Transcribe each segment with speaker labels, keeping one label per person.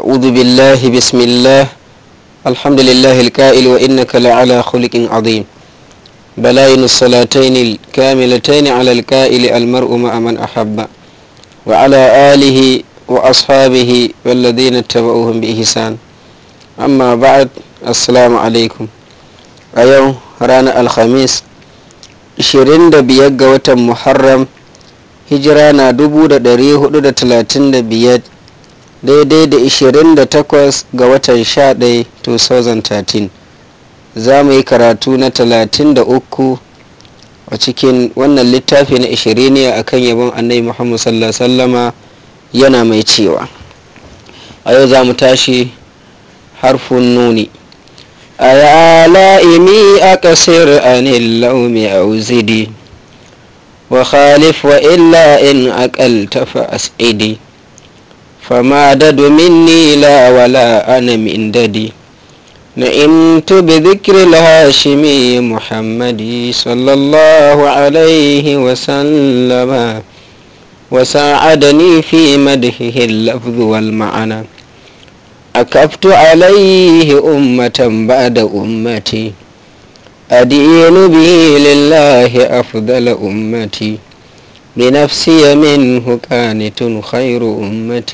Speaker 1: أعوذ بالله بسم الله الحمد لله الكائل وإنك لعلى خلق عظيم بلاين الصلاتين الكاملتين على الكائل المرء مع من أحب وعلى آله وأصحابه والذين اتبعوهم بإحسان أما بعد السلام عليكم أيوه رانا الخميس 25 ga watan Muharram hijira na 435 daidai da 28 ga watan 11 2013 za mu yi karatu na 33 a cikin wannan littafi na ne a kan yabon annabi muhammad sallallahu wasallam yana mai cewa a yau za mu tashi harfin nuni a ya la'imi a ƙasir anil laumi a uzidi wa khalif wa illa in aƙal tafa as'idi فما دد مني لا ولا أنا من ددي نئمت بذكر الهاشمي محمد صلى الله عليه وسلم وساعدني في مدحه اللفظ والمعنى أكفت عليه أمة بعد أمتي أدين به لله أفضل أمتي بنفسي منه كانت خير أمة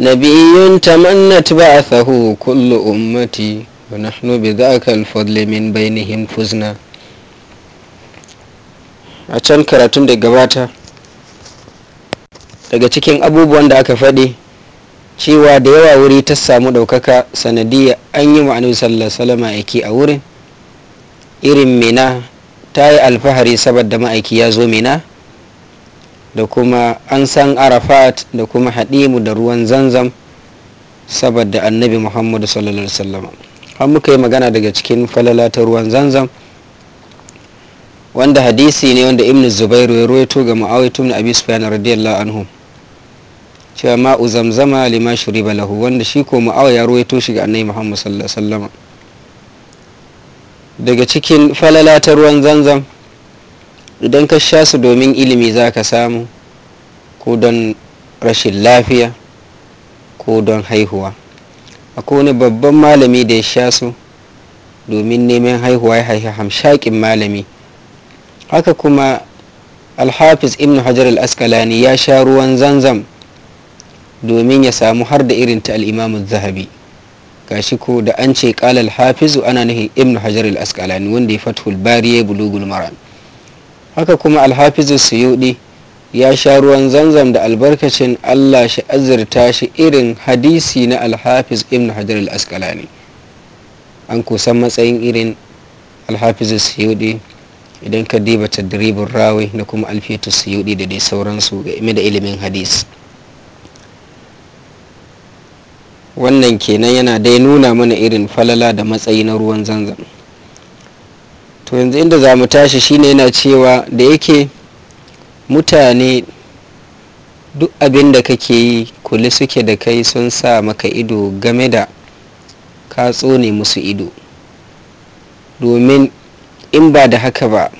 Speaker 1: نبي تمنت بعثه كل أمتي ونحن بذاك الفضل من بينهم فزنا a can karatun da gabata daga cikin abubuwan da aka faɗi cewa da yawa wuri ta samu ɗaukaka sanadiyya an yi ma'anin sallallahu salama yake a wurin irin mina ta yi alfahari saboda ma'aiki ya zo mina da kuma an san arafat da kuma haɗimu da ruwan zanzam saboda annabi muhammadu sallallahu alaihi wasallam an muka yi magana daga cikin falala ta ruwan zanzam wanda hadisi ne wanda ibn zubairu ya ruwaito ga ma'awaitu na abi sufyan radiyallahu anhu cewa ma'u zamzama lima shuriba lahu wanda shi ko ma'awa ya ruwaito shi ga annabi muhammadu sallallahu alaihi wasallam daga cikin falala ta ruwan zanzam idan ka sha su domin ilimi za ka samu ko don rashin lafiya ko don haihuwa a wani babban malami da ya sha su domin neman haihuwa ya haihi hamshakin malami haka kuma alhafiz ibn hajar al-askalani ya sha ruwan zanzam domin ya samu har da irin ta al'imamun zahabi gashi ko da an ce kalal hafizu ana nahi ibn hajar al-asqalani wanda ya fatul bariye ya bulugul maran haka kuma Alhafizu hafizu suyudi ya sha ruwan zanzam da albarkacin Allah shi azurta shi irin hadisi na al ibn hajar al-asqalani an kusan matsayin irin Alhafizu hafizu suyudi idan ka diba tadribur rawi na kuma alfiyatu suyudi da dai sauransu game da ilimin hadisi wannan kenan yana dai nuna mana irin falala da matsayi na ruwan zanzan. to yanzu inda za mu tashi shine yana cewa da yake mutane duk abin da kake yi kuli suke da kai sun sa maka ido game da ka tsone musu ido domin in ba da haka ba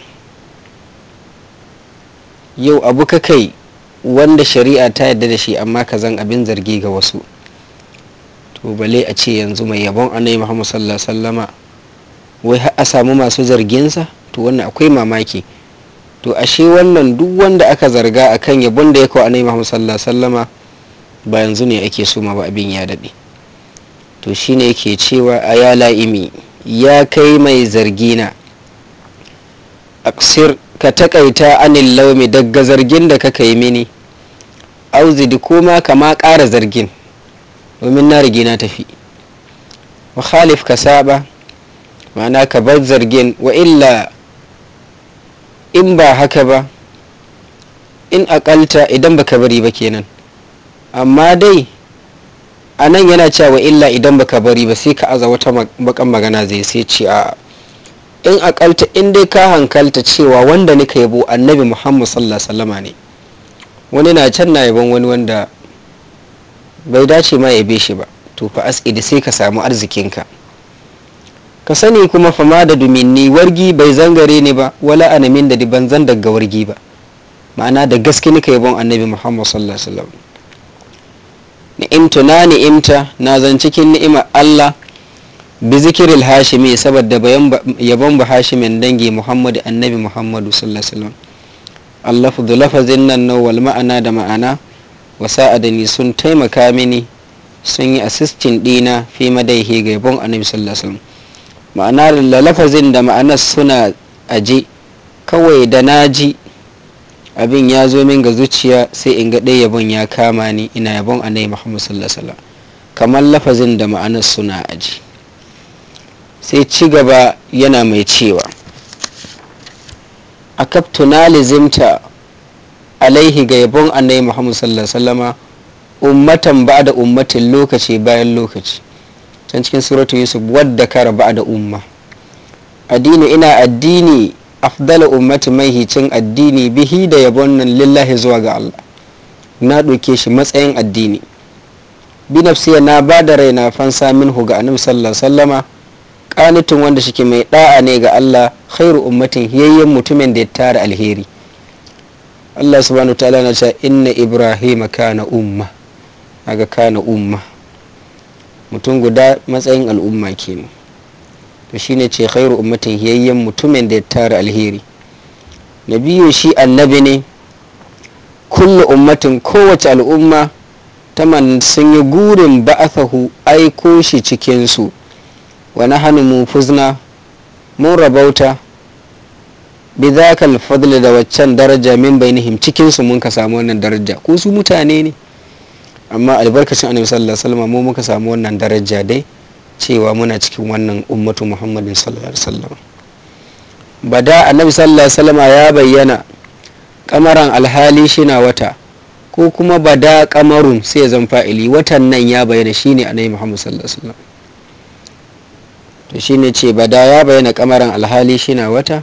Speaker 1: yau abu ka kai wanda shari'a ta yarda da shi amma ka zan abin zargi ga wasu to bale a ce yanzu mai yabon annabi muhammad sallallahu alaihi wasallama wai har a samu masu zarginsa to wannan akwai mamaki to ashe wannan duk wanda aka zarga akan yabon da ya kawo annabi muhammad sallallahu alaihi wasallama ba yanzu ne ake so ma ba abin ya daɗe to shine yake cewa a ya la'imi ya kai mai zargina aksir ka takaita anil laumi dagga zargin da ka mini. mini auzidi koma kama ƙara zargin domin na rige na tafi wa khalif ka saba ma'ana ka bar zargin wa illa in ba haka ba in akalta idan baka bari ba kenan amma dai a nan yana cewa wa illa idan baka bari ba sai ka aza wata bakan magana zai sai ce a in akalta in dai ka hankalta cewa wanda nika yabo annabi muhammad sallallahu alaihi wasallama ne wani na can na yabon wani wanda bai dace ma ya shi ba to fa askidi sai ka samu arzikinka ka sani kuma fama da duminni wargi bai zangare ni ba wala anamin da ban zan daga wargi ba ma'ana da gaske nika yabon annabi muhammad sallallahu alaihi wasallam ni'imtu na ni'imta na zan cikin ni'imar allah bi zikirin hashimi saboda yabon ba hashimin dangi muhammadu annabi muhammadu sallallahu alaihi wasallam allafu lafazin nan wal ma'ana da ma'ana adani sun taimaka mini sun yi assistin dina fi madaihi ga yabon annabi sallallahu alaihi ma'ana lalafazin da ma'anar suna aje kawai da na ji. abin ya zo min ga zuciya sai in ga yabon ya kama ni ina yabon annabi muhammad sallallahu alaihi kamar lafazin da ma'anar suna aji sai ci gaba yana mai cewa a kaftuna lizimta alaihi ga yabon annabi muhammad sallallahu alaihi wasallama ummatan ba'da ummatin lokaci bayan lokaci can cikin suratu yusuf wadda kara da umma addini ina addini afdala ummati hicin addini bihi da yabon nan lillahi zuwa ga allah na ɗauke shi matsayin addini bi nafsiya na ba da raina fansa minhu ga annabi sallallahu alaihi wasallama kanitin wanda shike mai da'a ne ga allah khairu ummatin yayyen mutumin da ya tara alheri Allah subhanahu ta'ala na cewa inna ibrahim kana umma aga kana umma mutum guda matsayin al'umma kenan to shine ce khairu ummatin hiyayyen mutumin da ya tara alheri Na biyu shi annabi ne kullu ummatin kowace al'umma man sun yi gurin ba'athahu aiko shi cikinsu wa nahanu mufuzna mun rabauta bi ka alfadl da waccan daraja min bainihim cikin su mun ka samu wannan daraja ko su mutane ne amma albarkacin annabi sallallahu alaihi wasallam mu muka samu wannan daraja dai cewa muna cikin wannan ummatu muhammadin sallallahu alaihi wasallam bada annabi sallallahu alaihi wasallam ya bayyana kamaran alhali shina wata ko kuma bada kamarun sai zan fa'ili watan nan ya bayyana shine annabi muhammad sallallahu alaihi wasallam to shine ce bada ya bayyana kamaran alhali shina wata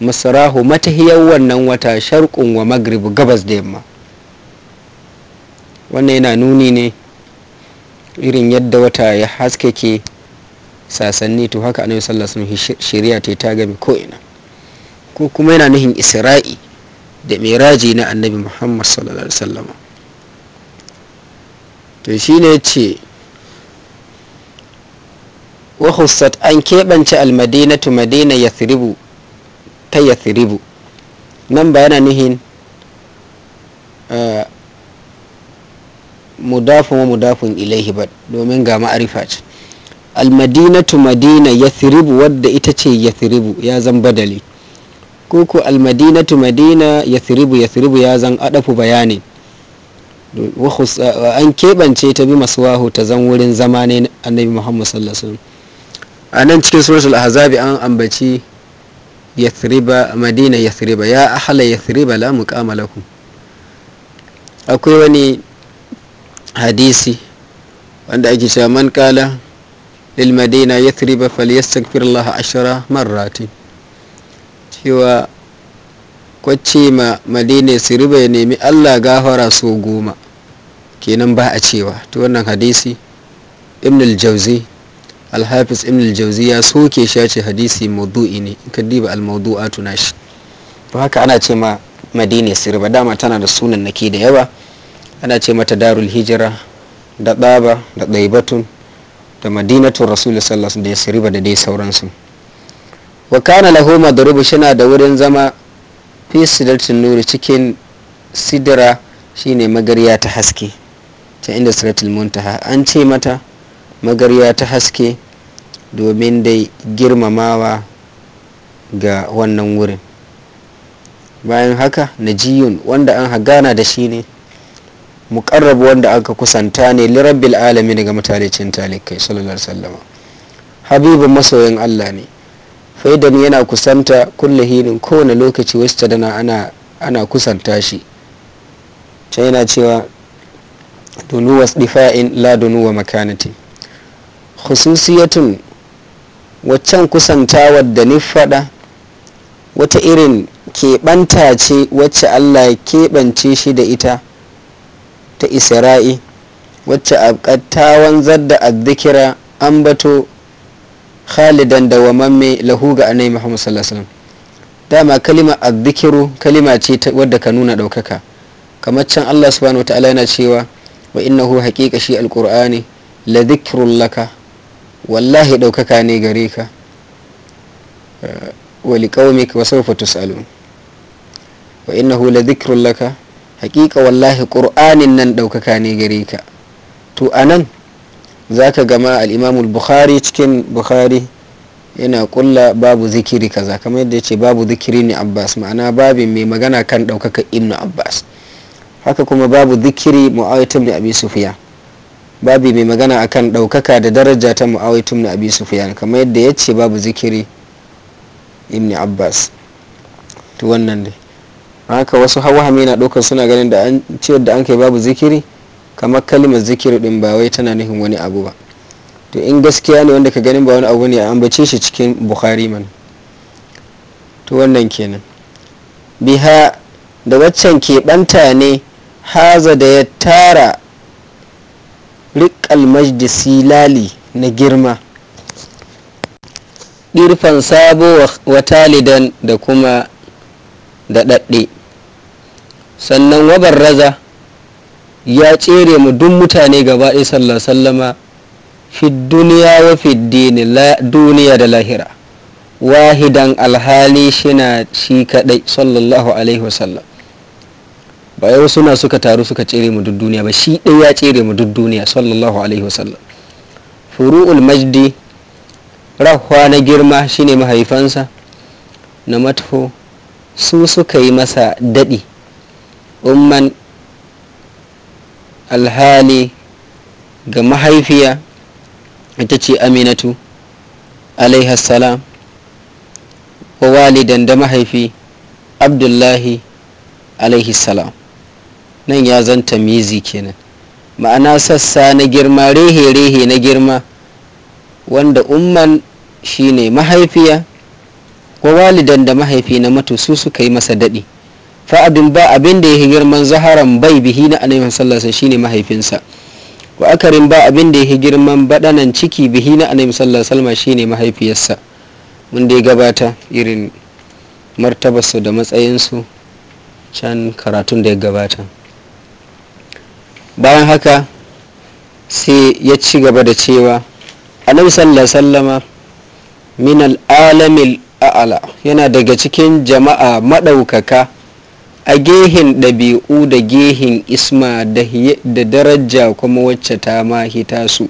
Speaker 1: masarahu matahiyar wannan wata sharqun wa maghrib gabas da yamma wannan yana nuni ne irin yadda wata ya haske ke sasanni to haka annabi sallallahu alaihi wasallam shari'a ta ta game ko ina ko kuma yana nuhin isra'i da miraji na annabi muhammad sallallahu alaihi wasallam to shine ce wa an keɓance almadinatu madina yathribu ta yathribu nan ba yana nihin mudafu wa mudafin ilaihi ba domin ga ma'arifa ce almadinatu madina yathribu wadda ita ce yathribu ya zan badali koko almadinatu madina yathribu yathribu ya zan adafu bayani an keɓance ta bi masuwahu ta zan wurin zama ne annabi muhammad sallallahu alaihi wasallam a nan cikin suratul ahzabi an ambaci yathriba madina yathriba ya ahala yathriba la muqama lakum akwai wani hadisi wanda ake cewa man kala lil madina yathriba falyastaghfir Allah ashara marratin cewa kwace ma madina yathriba ya nemi Allah gafara so goma kenan ba a cewa to wannan hadisi ibn al-jauzi alhafiz ibn aljauzi ya soke shi ya ce hadisi maudu'i ne kadiba ka diba tuna shi to haka ana ce ma madina sirba dama tana da sunan nake da yawa ana ce mata darul hijira da daba da daibatun da madinatun rasulullah sallallahu da sirba da dai sauransu wa kana lahu madrubu shina da wurin zama fi sidratin nuri cikin sidra shine magarya ta haske ta inda siratul muntaha an ce mata magarya ta haske domin dai girmamawa ga wannan wurin bayan haka na najiyun wanda an hagana da shi ne muƙarrab wanda aka kusanta ne lirabbil alami daga matalicin talikai sallallahu sallama habibin masoyin allah ne faidan yana kusanta kulle hinin kowane lokaci wasu tadana ana kusanta shi can yana cewa dunuwa difa'in la dunuwa makanati khususiyatun waccan kusantawar da ni fada wata irin keɓanta ce wacce allah ya keɓance shi da ita ta isra'i wacce ta wanzar da an bato khalidan da wa mamme lahu ga annabi muhammad sallallahu alaihi dama kalima azzikiru kalima ce wadda ka nuna ɗaukaka kamar can allah subhanahu wataala yana cewa wa innahu haƙiƙa shi alƙur'ani la zikrun laka wallahi ɗaukaka ne gare ka eh, wali ka wasu sawfa salo wa ina hula zikirun laka haƙiƙa wallahi ƙur'anin nan ɗaukaka ne gare ka to anan zaka gama ka gama al'imamul bukhari cikin bukhari yana kulla babu zikiri kaza kamar yadda ce babu zikiri ne abbas ma'ana babu mai magana kan ɗaukaka ibnu abbas haka kuma babu zikiri da abi sufiya. babi mai magana akan ɗaukaka da daraja ta mu'awaitum na abi sufyan kamar yadda ya ce babu zikiri ibn abbas to wannan haka wasu hawahami na ɗaukar suna ganin da an ce da an kai babu zikiri kamar kalimar zikiri din ba wai tana nufin wani abu ba to in gaskiya ne wanda ka ganin ba wani abu ne an bace shi cikin bukhari man to wannan kenan biha da waccan ke keɓanta ne haza da ya tara riƙal majdi silali na girma ɗirfan sabo wa talidan da kuma daɗaɗɗe sannan wabar raza ya tsere mu duk mutane gaba ɗaya sallallahu sallama fi duniya wa fi dini duniya da lahira wahidan alhali shina shi kaɗai sallallahu alaihi wasallam ba yau suna suka taru suka tsere mu duk duniya ba shi ɗaya ya tsere mu duk duniya sallallahu alaihi wasallam furu'ul majdi rahwa na girma shine mahaifansa na matho su suka yi masa daɗi umman alhali ga mahaifiya ita ce aminatu alaihassalam wa walidan da mahaifi abdullahi alaihissalam nan ya zanta mizi kenan ma'ana sassa na girma rehe-rehe na girma wanda umman shine mahaifiya wa walidan da mahaifi na mato su suka yi masa daɗi fa'adun ba abin da ya girman zaharan bai bihi na annabi sallallahu shine mahaifinsa wa akarin ba abin da ya girman baɗanan ciki bihi na annabi sallallahu alaihi shine mahaifiyarsa mun dai gabata irin martabarsu da matsayinsu can karatun da ya gabata bayan haka sai ya ci gaba da cewa annabi sallallahu sallama min al'alamil a'ala yana daga cikin jama'a maɗaukaka a gehin ɗabi'u da gehin isma da daraja kuma wacce ta mahita su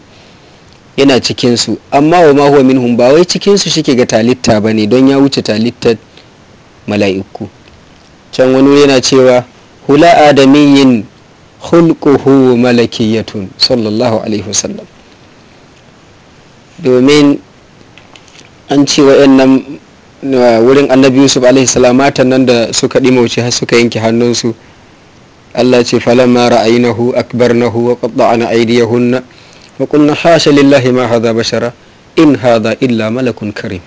Speaker 1: yana cikinsu amma wa mahuwa min ba wai cikinsu shike ga talitta ba ne don ya wuce talittar mala'iku can wani yana cewa hula adamiyin hulkuhu malakiyatun sallallahu alaihi wasallam domin an ce wa'annan wurin annabi yusuf alaihi salam nan da suka dimauce har suka yanke hannunsu Allah ce falamma ra'aynahu akbarnahu wa qatta'na aydiyahunna wa qulna hasha lillahi ma hadha bashara in hadha illa malakun karim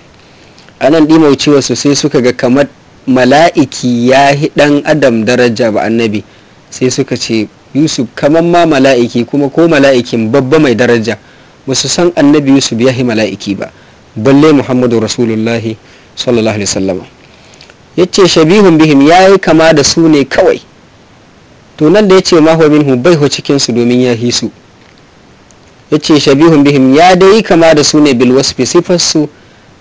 Speaker 1: anan dimaucewa su sai suka ga kamar mala'iki ya hi dan adam daraja ba annabi sai suka ce yusuf kaman ma mala'iki kuma ko mala'ikin babba mai daraja ba su san annabi yusuf ya yi mala'iki ba balle muhammadu rasulullahi sallallahu alaihi wasallam ya ce shabihun bihim ya yi kama da su ne kawai to nan da ya ce mahu hu bai ho cikinsu domin ya hi su ya ce shabihun bihim ya dai kama da su ne bilwasfi sifarsu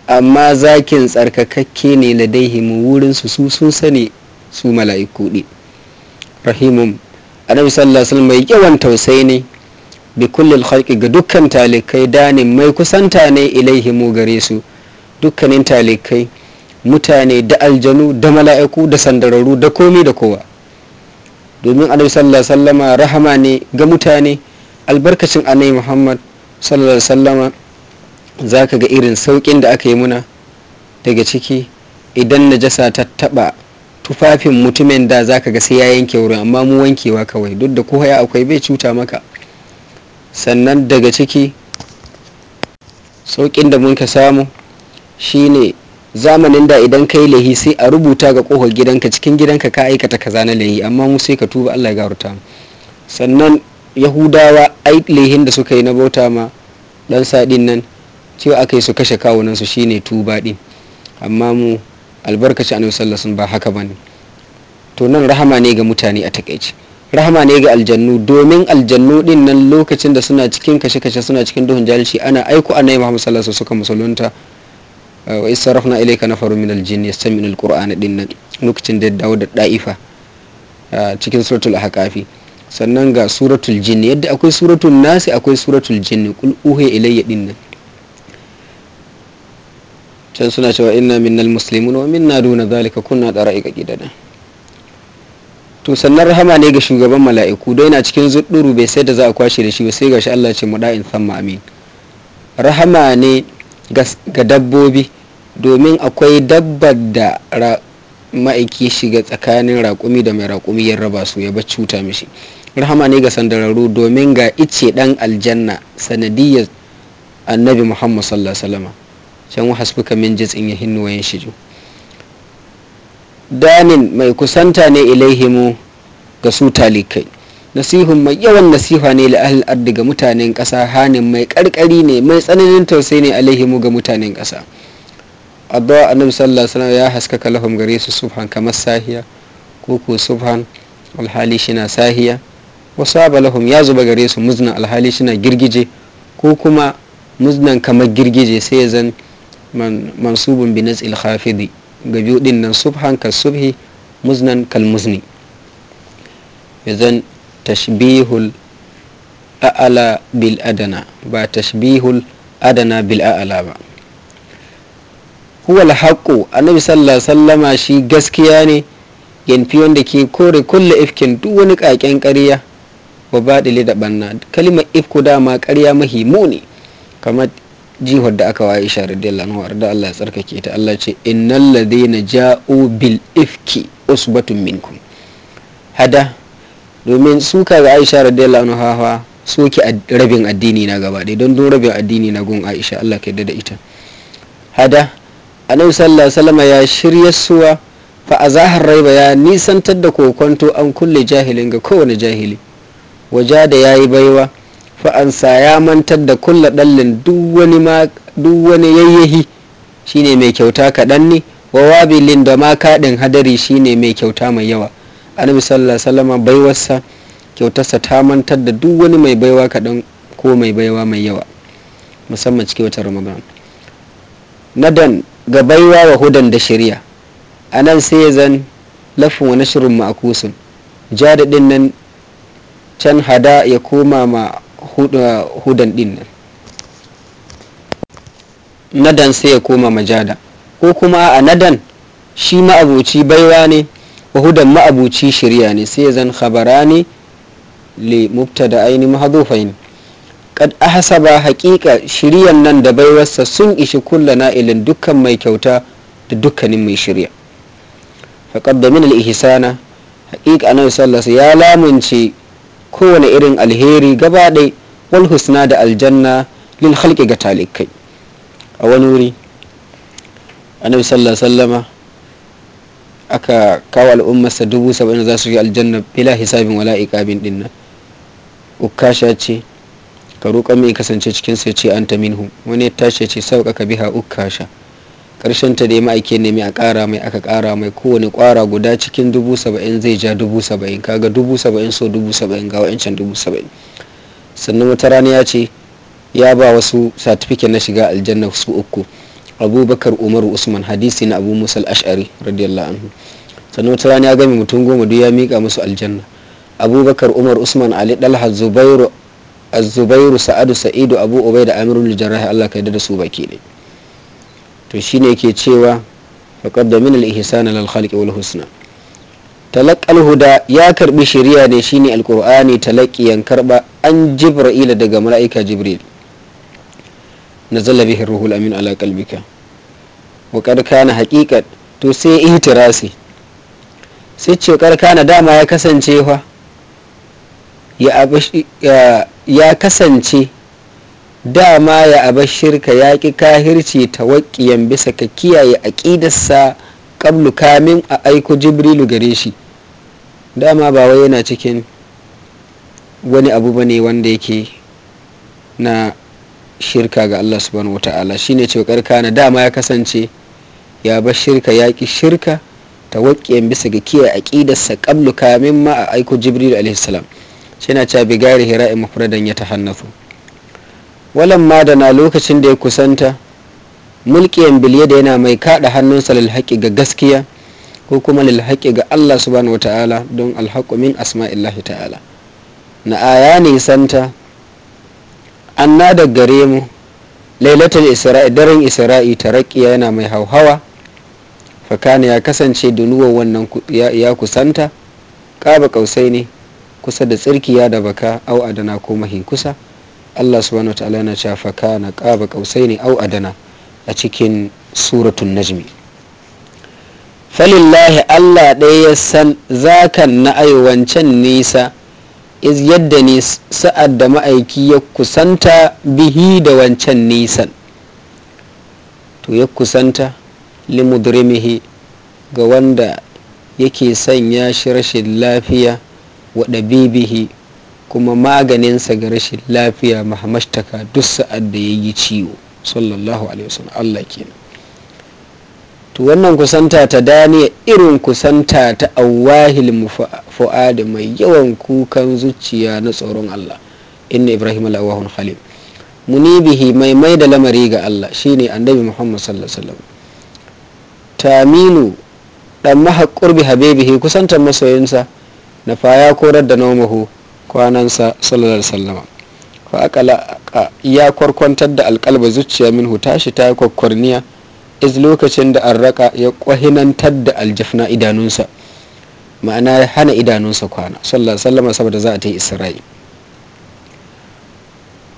Speaker 1: amma zakin tsarkakakke ne ladaihimu wurinsu su sun sani su mala'iku ne rahimun annabi sallallahu alaihi wasallam mai yawan tausayi ne bi kullil khalqi ga dukkan talikai danin mai kusanta ne ilaihi mu gare su dukkanin talikai mutane da aljanu da mala'iku da sandararu da komi da kowa domin annabi sallallahu alaihi wasallam rahama ne ga mutane albarkacin annabi muhammad sallallahu alaihi wasallam zaka ga irin saukin da aka yi muna daga ciki idan najasa ta taba tufafin mutumin da zaka ga sai ya yanke wurin amma mu wankewa kawai duk da ko akwai bai cuta maka sannan daga ciki saukin da muka ka samu shine zamanin da idan kai lahi sai a rubuta ga kohar gidanka cikin gidanka ka aikata kaza na lahi amma mu sai ka tuba Allah ya gafarta sannan yahudawa ai lahin da suka yi na bauta ma dan sadin nan cewa aka yi su kashe kawunan su shine tuba din amma mu albarkaci annabi sallallahu ba haka bane to nan rahama ne ga mutane a takaici rahama ne ga aljannu domin aljannu din nan lokacin da suna cikin kashe-kashe suna cikin duhun jahilci ana aiko annabi Muhammad sallallahu alaihi suka musulunta uh, wa isarrafna ilayka nafarun min aljin yastami'u alqur'ana din nan lokacin da ya dawo da da'ifa uh, cikin suratul ahqafi sannan ga suratul jin yadda akwai suratul nasi akwai suratul jin qul uhiya ilayya din nan can suna cewa inna minnal muslimun wa minna duna zalika kunna ga gidana to sannan rahama ne ga shugaban mala'iku dai na cikin zudduru bai sai da za a kwashe da shi ba sai shi Allah ce in samma amin rahama ne ga dabbobi domin akwai dabbar da ma'aiki shiga tsakanin raƙumi da mai raƙumi ya raba su ya bar cuta mishi rahama ne ga sandararru domin ga ice dan aljanna sanadiyar annabi muhammad sallallahu alaihi can hasbuka min ya hinnu wayan yanshiju danin mai kusanta ne ilaihimu ga su talikai nasihun mai yawan nasiha ne li ahli ardi ga mutanen kasa hanin mai karkari ne mai tsananin tausayi ne alaihimu ga mutanen kasa addu'a annabi sallallahu alaihi wasallam ya haskaka lahum gare su subhan kamar sahiya ko ko subhan alhali shina sahiya wasu lahum ya zuba gare su muznan alhali shina girgije ko kuma muznan kamar girgije sai ya zan mansubun bi nas'il khafidi ga biyu din nan subhan ka subhi muznan kal muzni idan tashbihul a'ala bil adana ba tashbihul adana bil a'ala ba huwa alhaqu annabi sallallahu alaihi wasallama shi gaskiya ne yanfi wanda ke kore kulle ifkin duk wani kaken ƙarya ba baɗile da banna kalimar ifku dama ƙarya mahi muni kamar jihar da aka waye Aisha radiyallahu anha da Allah ya tsarkake ta Allah ce innal ladina ja'u bil ifki usbatun minkum hada domin su kaga Aisha radiyallahu anha ki rabin addini na gaba ɗaya don don rabin addini na gun Aisha Allah ka yarda da ita hada annabi sallallahu alaihi wasallam ya shirya suwa fa azahar raiba ya nisantar da kokonto an kulle jahilin ga kowane jahili waja da yayi baiwa fa'ansa ya mantar da kulla ɗallin duk wani yayyahi shine mai kyauta kaɗan ne wa wabilin da ma kaɗin hadari shine mai kyauta mai yawa annabi sallallahu alaihi wasallam baiwarsa kyautarsa ta mantar da duk wani mai baiwa kaɗan ko mai baiwa mai yawa musamman cikin wata ramadan nadan ga baiwa wa hudan da shari'a a nan sai ya zan lafin wani shirin ma'akusun jadadin nan can hada ya koma ma hudan din nan nadan sai ya koma majada ko kuma a nadan shi ma'abuci baiwa ne wa hudan ma'abuci shirya ne sai zan khabara ne li mubtada aini mahdufain kad ahsaba haqiqa shiryan nan da baiwarsa sun ishi kulla na'ilin dukkan mai kyauta da dukkanin mai shirya faqad min al-ihsana haqiqa annabi sallallahu ya lamunce kowane irin alheri gaba ɗai wal husna da aljanna lil halki ga talikai a wani wuri annabi sallallahu sallama aka kawo al'ummarsa dubu saba'in za su yi aljanna bila hisabin wala iqabin din nan ukasha ce ka roƙa mai kasance cikin sai ce anta minhu wani ya tashi ce sauƙaƙa biha ukasha karshen ta dai ma'aike nemi a kara mai aka kara mai kowane kwara guda cikin dubu saba'in zai ja dubu saba'in kaga dubu saba'in so dubu saba'in ga wa'ancan dubu saba'in sannan wata rana ya ce ya ba wasu satifike na shiga aljanna su uku abubakar umaru usman hadisi na abu musal ash'ari radiyallahu anhu sannan wata rana ya gami mutum goma duk ya mika musu aljanna abubakar umar usman ali dalha zubairu zubairu sa'adu sa'idu abu ubai da amirul jarrahi allah ka yarda da su baki ne to shine ke cewa da min al-ihsan lil khalqi wal husna talaqal huda ya karbi shari'a ne shine alqur'ani yan karba an jibril daga mara'ika jibril nazala bihi ruhul amin ala qalbika wa qad kana to sai ihtirasi sai ce qad kana dama ya kasance dama ma ya aba shirka ya ƙi kahirci tawakkiyan bisa ka kiyaye aƙidarsa ƙablu kamin a aiko jibrilu gare shi dama ba wai yana cikin wani abu ba ne wanda yake na shirka ga Allah subhanahu wata'ala shine ce na dama ya kasance ya bar shirka ya ƙi shirka tawakkiyan bisa ga kiyaye aƙidarsa ƙablu kamin ma a aiko jibrilu alaihi salam shi na cewa bigari hira'in mufradan ya tahannathu walamma da na lokacin da ya kusanta mulkiyan biliyada yana mai kada hannunsa lilhaƙi ga gaskiya ko kuma lilhaƙi ga Allah subhanahu wata'ala don alhaƙu min asma'illahi ta'ala na aya ne santa an na da gare mu lailatul isra'i daren isra'i tarakiya yana mai hauhawa fakana ya kasance dunuwan wannan ya kusanta ƙaba ƙausai ne kusa da tsirkiya da baka au adana ko mahin kusa Allah subhanahu wataala yana cewa fa kana qaba ne au adana a cikin suratun najmi falillahi Allah ɗaya ya san zakan na wancan nisa iz yadda ne sa'ad da ma'aiki ya kusanta bihi da wancan nisan to ya kusanta limudrimihi ga wanda yake sanya shi rashin lafiya wa ɗabibihi kuma maganinsa ga rashin lafiya mahamashtaka duk sa'ad da ya yi ciwo sallallahu alaihi wasallam Allah kenan to wannan kusanta ta daniya irin kusanta ta awahil fu'adi mai yawan kukan zuciya na tsoron Allah inna ibrahim al-awahun khalil munibihi mai mai da lamari ga Allah shine annabi Muhammad sallallahu alaihi taminu dan mahaqqur bi habibihi kusantar masoyinsa na faya korar da naumahu kwanansa sallallahu alaihi fa akala ya kwarkwantar da alkalba zuciya min tashi ta kwakwarniya iz lokacin da arraka ya kwahinantar da aljafna idanunsa ma'ana ya hana idanunsa kwana sallallahu alaihi saboda za a ta yi isra'i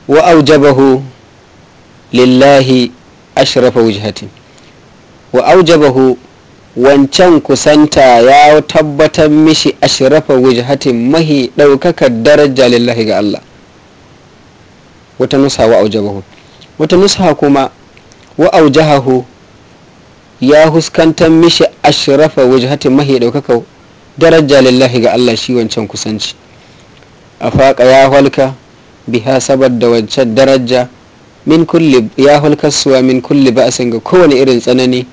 Speaker 1: wa aujabahu lillahi ashrafa wujhatin wa aujabahu wancan kusanta ya tabbatar mishi ashrafa hati mahi daukakar daraja lillahi ga Allah wata nusa wa aujabahu wata nusa kuma wa aujahu ya huskantar mishi ashrafa wujhatin mahi daukakar daraja lillahi ga Allah shi wancan kusanci a faƙa ya halka biha saboda wancan daraja min kulli ya halka suwa min kulli ba'asin ga kowane irin tsanani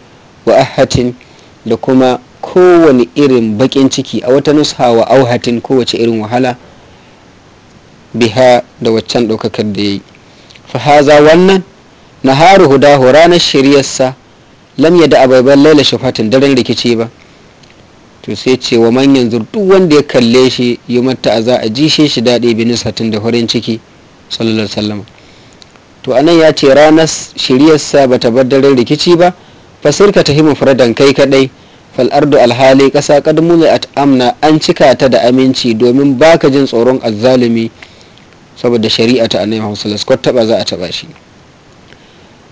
Speaker 1: wa ahatin da kuma kowane irin bakin ciki a wata nusha wa auhatin kowace irin wahala biha da waccan ɗaukakar da ya yi fahaza wannan na haru hudahu ranar shiryarsa lam yada baiban laila shafatin daren rikici ba to sai ce wa manyan duk wanda ya kalle shi yi mata za a jishe shi daɗi bi tun da farin ciki sallallahu alaihi to anan ya ce ranar shiryarsa bata bar daren rikici ba fasir ka tafi mufradan kai kadai fal ardu alhali kasa kad at amna an cika ta da aminci domin baka jin tsoron azzalumi saboda shari'a ta annabi Muhammad sallallahu taba za a taba shi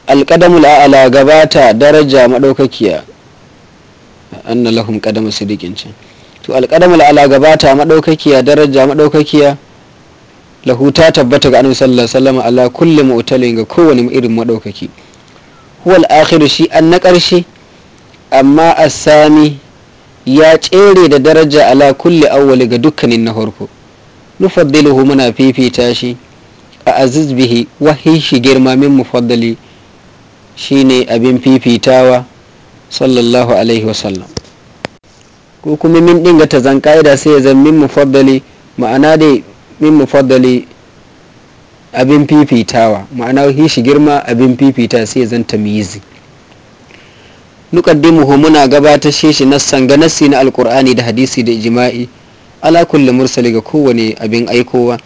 Speaker 1: alqadamul a'la gabata daraja madaukakiya anna lahum qadamu sidiqin cin to alqadamul a'la gabata madaukakiya daraja madaukakiya lahu ta tabbata ga annabi sallallahu alaihi wasallam ala kulli mu'talin ga kowane irin madaukaki huwal akhiru shi an na ƙarshe amma asani ya tsere da daraja ala kulli awwali ga dukkanin na farko nufaddiluhu muna fifita shi a aziz bihi wahin shi girma min mufaddali shine abin fifitawa sallallahu alaihi wasallam ko kuma min dinga ta zan ka'ida sai ya zan min mufaddali ma'ana dai min mufaddali abin fifitawa ma'ana shi girma abin fifita sai zan nukaddimu mu muna gabatar shi nassan ga nassi na alkur'ani da hadisi da ijma'i ala kulle mursali ga kowane abin aikowa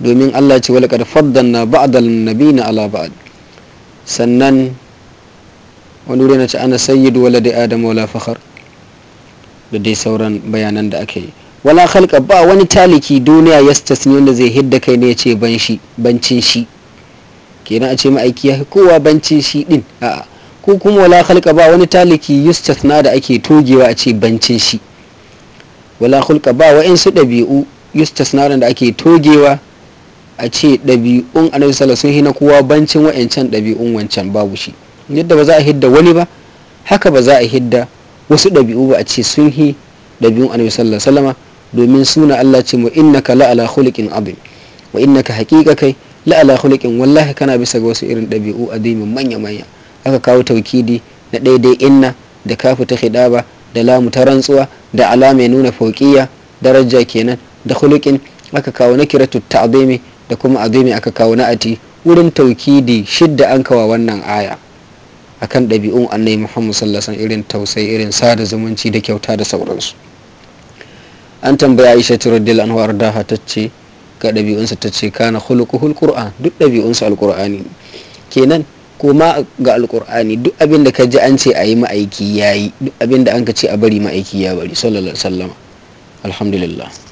Speaker 1: domin Allah ce wal qad faddanna ba'dal nabiyina ala ba'd sannan wani wuri na ci ana sayyidu waladi adam wala fakhar da dai sauran bayanan da ake yi wala khalqa ba wani taliki duniya yastasni wanda zai hidda kai ne ya ce ban shi bancin shi kenan a ce ma'aiki ya kowa bancin shi din a'a ko kuma wala khalqa ba wani taliki yustasna da ake togewa a ce bancin shi wala khulqa ba su ɗabi'u yustasna da ake togewa a ce ɗabi'un annabi sallallahu sun na kowa bancin wa'ancan ɗabi'un wancan babu shi yadda ba za a hidda wani ba haka ba za a hidda wasu ɗabi'u ba a ce sun hi ɗabi'un annabi sallallahu alaihi domin suna Allah ce mu innaka la'ala khuliqin abin wa innaka haqiqa kai la'ala khuliqin wallahi kana bisa ga wasu irin ɗabi'u adimin manya manya aka kawo taukidi na daidai inna da kafu ta hidaba da lamu ta rantsuwa da alama nuna fauqiya daraja kenan da khuluqin aka kawo na kiratu ta'zimi da kuma azimi aka kawo na ati wurin taukidi shidda an kawo wannan aya akan ɗabi'un annai muhammad sallallahu irin tausayi irin sada zumunci da kyauta da sauransu an tambaya aisha radiyallahu anha ardaha tace ga dabi'unsa tace kana khuluquhul qur'an duk dabi'unsa alqur'ani kenan kuma ga alqur'ani duk abin da kaji an ce a ayi ma'aiki yayi duk abin da an ka ce a bari ma'aiki ya bari sallallahu alaihi wasallam alhamdulillah